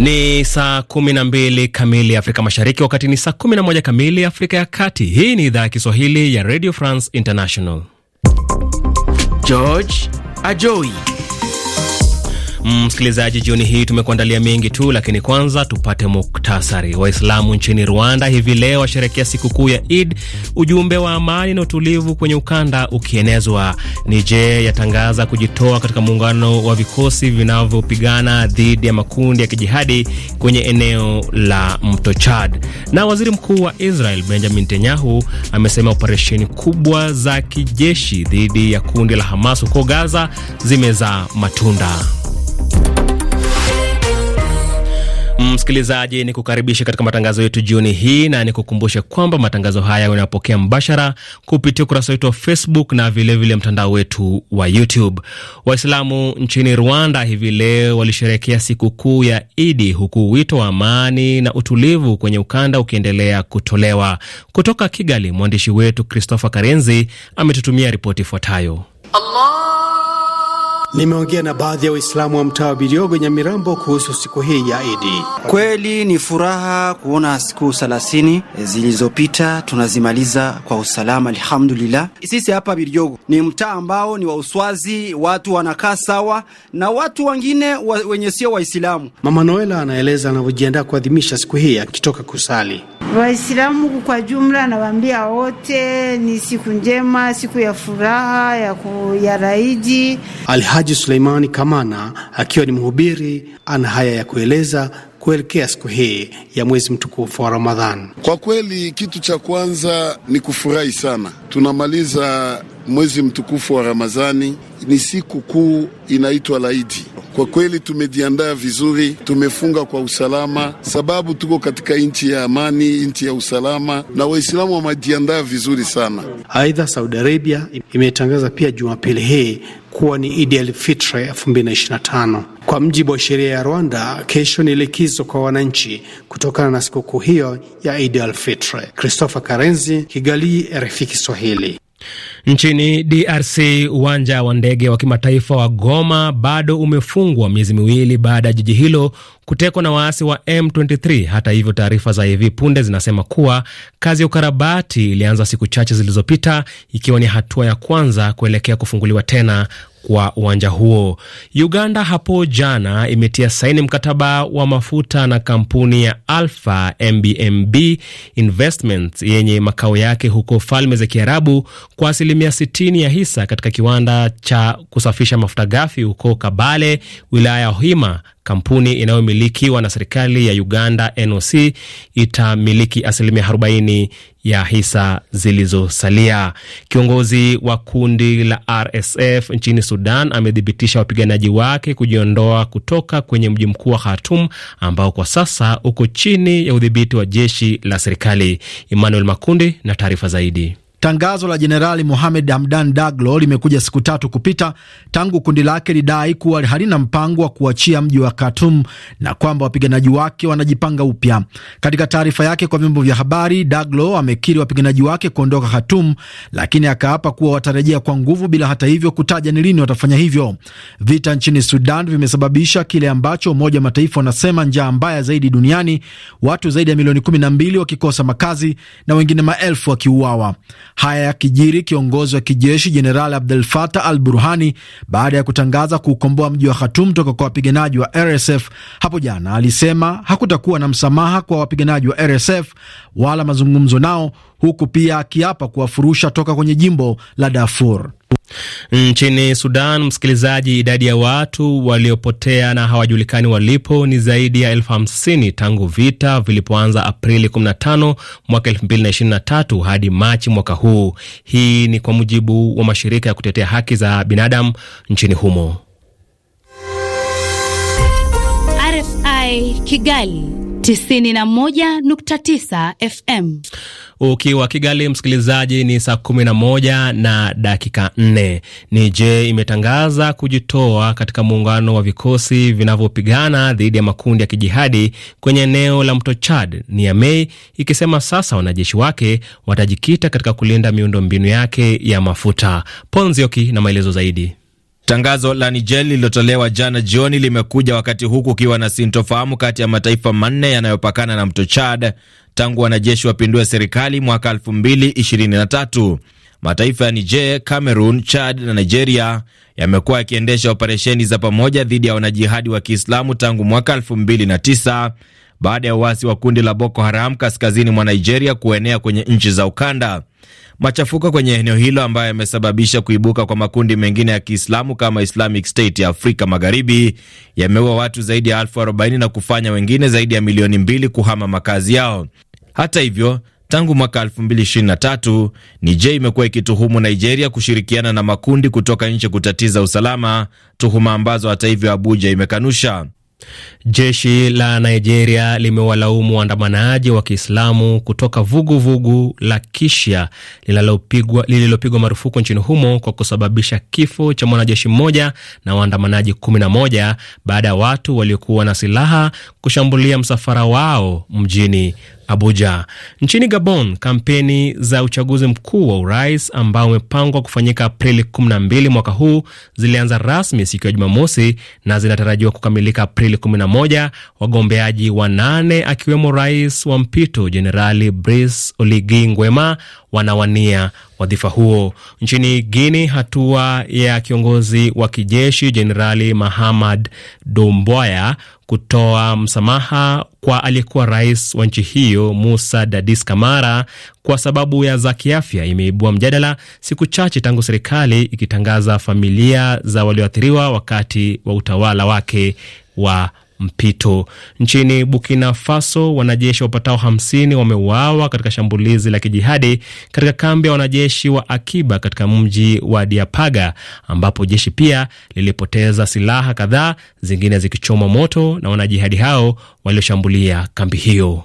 Ni saa kumi na mbili kamili Afrika Mashariki, wakati ni saa kumi na moja kamili Afrika ya Kati. Hii ni idhaa ya Kiswahili ya Radio France International. George Ajoi Mm, msikilizaji, jioni hii tumekuandalia mengi tu, lakini kwanza tupate muktasari. Waislamu nchini Rwanda hivi leo washerekea sikukuu ya Id, ujumbe wa amani na utulivu kwenye ukanda ukienezwa. Niger yatangaza kujitoa katika muungano wa vikosi vinavyopigana dhidi ya makundi ya kijihadi kwenye eneo la mto Chad, na waziri mkuu wa Israel Benjamin Netanyahu amesema operesheni kubwa za kijeshi dhidi ya kundi la Hamas huko Gaza zimezaa matunda. Msikilizaji, ni kukaribisha katika matangazo yetu jioni hii na nikukumbushe kwamba matangazo haya unayopokea mbashara kupitia ukurasa wetu wa Facebook na vilevile mtandao wetu wa YouTube. Waislamu nchini Rwanda hivi leo walisherehekea sikukuu ya Idi, huku wito wa amani na utulivu kwenye ukanda ukiendelea kutolewa. Kutoka Kigali, mwandishi wetu Christopher Karenzi ametutumia ripoti ifuatayo. Allah Nimeongea na baadhi ya Waislamu wa mtaa wa Biriogo Nyamirambo kuhusu siku hii ya Idi. Kweli ni furaha kuona siku thelathini eh, zilizopita tunazimaliza kwa usalama, alhamdulillah. Sisi hapa Biriogo ni mtaa ambao ni wa uswazi, watu wanakaa sawa na watu wengine wa, wenye sio Waislamu. Mama Noela anaeleza anavyojiandaa kuadhimisha siku hii akitoka kusali. Waislamu kwa jumla, nawaambia wote ni siku njema, siku ya furaha ya, ya Alhaji Suleimani Kamana akiwa ni mhubiri ana haya ya kueleza kuelekea siku hii ya mwezi mtukufu wa Ramadhani. Kwa kweli, kitu cha kwanza ni kufurahi sana, tunamaliza mwezi mtukufu wa Ramadhani. Ni siku kuu inaitwa Laidi. Kwa kweli tumejiandaa vizuri, tumefunga kwa usalama, sababu tuko katika nchi ya amani, nchi ya usalama, na Waislamu wamejiandaa vizuri sana. Aidha, Saudi Arabia imetangaza pia Jumapili hii kuwa ni Idi al 2025. Kwa mjibu wa sheria ya Rwanda, kesho ni likizo kwa wananchi kutokana na sikukuu hiyo ya Idi al Christopher Karenzi, Kigali, RFI Kiswahili. Nchini DRC, uwanja wa ndege wa kimataifa wa Goma bado umefungwa miezi miwili baada ya jiji hilo kutekwa na waasi wa M23. Hata hivyo, taarifa za hivi punde zinasema kuwa kazi ya ukarabati ilianza siku chache zilizopita, ikiwa ni hatua ya kwanza kuelekea kufunguliwa tena kwa uwanja huo. Uganda hapo jana imetia saini mkataba wa mafuta na kampuni ya Alpha MBMB Investments yenye makao yake huko Falme za Kiarabu kwa asilimia 60 ya hisa katika kiwanda cha kusafisha mafuta ghafi huko Kabale, wilaya ya Ohima Kampuni inayomilikiwa na serikali ya Uganda NOC itamiliki asilimia 40 ya hisa zilizosalia. Kiongozi wa kundi la RSF nchini Sudan amethibitisha wapiganaji wake kujiondoa kutoka kwenye mji mkuu wa Khartoum ambao kwa sasa uko chini ya udhibiti wa jeshi la serikali. Emmanuel Makundi na taarifa zaidi. Tangazo la Jenerali Mohamed Hamdan Daglo limekuja siku tatu kupita tangu kundi lake lidai kuwa halina mpango wa kuachia mji wa Khartoum na kwamba wapiganaji wake wanajipanga upya. Katika taarifa yake kwa vyombo vya habari, Daglo amekiri wapiganaji wake kuondoka Khartoum, lakini akaapa kuwa watarejea kwa nguvu, bila hata hivyo kutaja ni lini watafanya hivyo. Vita nchini Sudan vimesababisha kile ambacho Umoja wa Mataifa wanasema njaa mbaya zaidi duniani, watu zaidi ya milioni 12 wakikosa makazi na wengine maelfu wakiuawa. Haya yakijiri kiongozi wa kijeshi Jenerali Abdel Fattah al Burhani, baada ya kutangaza kuukomboa mji wa Khartoum toka kwa wapiganaji wa RSF hapo jana, alisema hakutakuwa na msamaha kwa wapiganaji wa RSF wala mazungumzo nao, huku pia akiapa kuwafurusha toka kwenye jimbo la Darfur. Nchini Sudan, msikilizaji, idadi ya watu waliopotea na hawajulikani walipo ni zaidi ya elfu hamsini tangu vita vilipoanza Aprili 15 mwaka 2023 hadi Machi mwaka huu. Hii ni kwa mujibu wa mashirika ya kutetea haki za binadamu nchini humo. RFI Kigali 91.9 FM ukiwa Kigali. Msikilizaji, ni saa kumi na moja na dakika nne. Niger imetangaza kujitoa katika muungano wa vikosi vinavyopigana dhidi ya makundi ya kijihadi kwenye eneo la mto Chad, ni Mei, ikisema sasa wanajeshi wake watajikita katika kulinda miundo mbinu yake ya mafuta. Ponzioki na maelezo zaidi. Tangazo la Niger lililotolewa jana jioni limekuja wakati huu kukiwa na sintofahamu kati ya mataifa manne yanayopakana na mto Chad tangu wanajeshi wapindue serikali mwaka 2023. Mataifa ya Niger, Cameroon, Chad na Nigeria yamekuwa yakiendesha operesheni za pamoja dhidi ya wanajihadi wa Kiislamu tangu mwaka 2009 baada ya uasi wa kundi la Boko Haram kaskazini mwa Nigeria kuenea kwenye nchi za ukanda. Machafuko kwenye eneo hilo ambayo yamesababisha kuibuka kwa makundi mengine ya Kiislamu kama Islamic State ya Afrika Magharibi yameua watu zaidi ya elfu arobaini na kufanya wengine zaidi ya milioni mbili kuhama makazi yao. Hata hivyo tangu mwaka 2023 Niger imekuwa ikituhumu Nigeria kushirikiana na makundi kutoka nje kutatiza usalama, tuhuma ambazo hata hivyo Abuja imekanusha. Jeshi la Nigeria limewalaumu waandamanaji wa Kiislamu kutoka vuguvugu vugu la Kishia lililopigwa marufuku nchini humo kwa kusababisha kifo cha mwanajeshi mmoja na waandamanaji 11 baada ya watu waliokuwa na silaha kushambulia msafara wao mjini Abuja. Nchini Gabon, kampeni za uchaguzi mkuu wa urais ambao umepangwa kufanyika Aprili 12 mwaka huu zilianza rasmi siku ya Jumamosi na zinatarajiwa kukamilika Aprili 11. Wagombeaji wanane akiwemo rais wa mpito Jenerali Brice Oligui Nguema wanawania wadhifa huo. Nchini Guini, hatua ya kiongozi wa kijeshi Jenerali Mahamad Dombwaya kutoa msamaha kwa aliyekuwa rais wa nchi hiyo Musa Dadis Kamara kwa sababu ya za kiafya imeibua mjadala siku chache tangu serikali ikitangaza familia za walioathiriwa wakati wa utawala wake wa mpito. Nchini Burkina Faso, wanajeshi wapatao hamsini wameuawa katika shambulizi la kijihadi katika kambi ya wanajeshi wa akiba katika mji wa Diapaga, ambapo jeshi pia lilipoteza silaha kadhaa, zingine zikichomwa moto na wanajihadi hao walioshambulia kambi hiyo.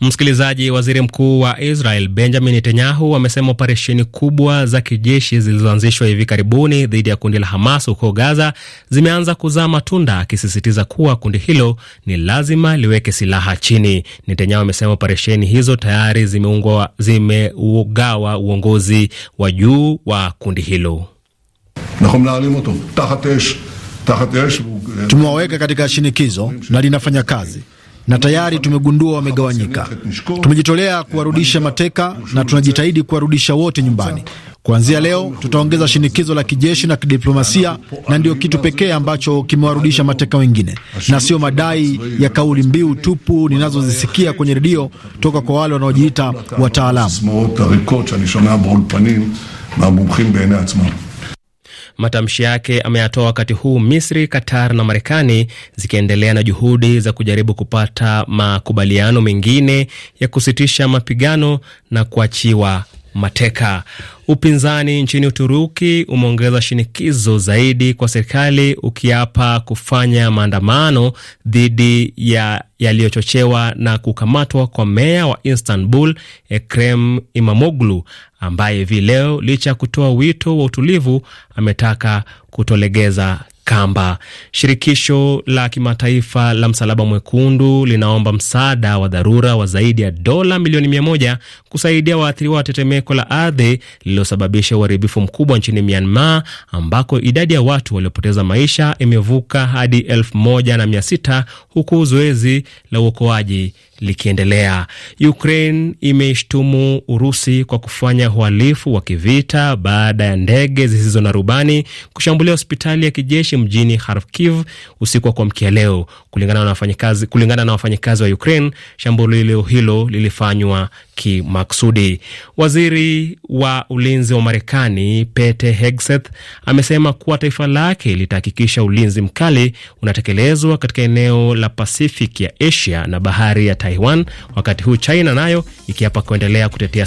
Msikilizaji, waziri mkuu wa Israel Benjamin Netanyahu amesema operesheni kubwa za kijeshi zilizoanzishwa hivi karibuni dhidi ya kundi la Hamas huko Gaza zimeanza kuzaa matunda, akisisitiza kuwa kundi hilo ni lazima liweke silaha chini. Netanyahu amesema operesheni hizo tayari zimeugawa uongozi wa juu wa kundi hilo. Tumewaweka katika shinikizo na linafanya kazi na tayari tumegundua wamegawanyika. Tumejitolea kuwarudisha mateka na tunajitahidi kuwarudisha wote nyumbani. Kuanzia leo tutaongeza shinikizo la kijeshi na kidiplomasia, na ndio kitu pekee ambacho kimewarudisha mateka wengine, na sio madai ya kauli mbiu tupu ninazozisikia kwenye redio toka kwa wale wanaojiita wataalamu. Matamshi yake ameyatoa wakati huu Misri, Qatar na Marekani zikiendelea na juhudi za kujaribu kupata makubaliano mengine ya kusitisha mapigano na kuachiwa mateka. Upinzani nchini Uturuki umeongeza shinikizo zaidi kwa serikali ukiapa kufanya maandamano dhidi ya yaliyochochewa na kukamatwa kwa meya wa Istanbul Ekrem Imamoglu ambaye hivi leo licha ya kutoa wito wa utulivu ametaka kutolegeza kamba. Shirikisho la kimataifa la Msalaba Mwekundu linaomba msaada wa dharura wa zaidi ya dola milioni mia moja kusaidia waathiriwa wa tetemeko la ardhi lililosababisha uharibifu mkubwa nchini Myanmar, ambako idadi ya watu waliopoteza maisha imevuka hadi elfu moja na mia sita huku zoezi la uokoaji likiendelea. Ukraine imeishtumu Urusi kwa kufanya uhalifu wa kivita baada ya ndege zisizo na rubani kushambulia hospitali ya kijeshi mjini Kharkiv usiku wa kuamkia leo, kulingana na wafanyakazi kulingana na wafanyakazi wa Ukraine, shambulio hilo lilifanywa kimaksudi. Waziri wa ulinzi wa Marekani Pete Hegseth amesema kuwa taifa lake litahakikisha ulinzi mkali unatekelezwa katika eneo la Pasifiki ya Asia na bahari ya Taiwan, wakati huu China nayo ikiapa kuendelea kutetea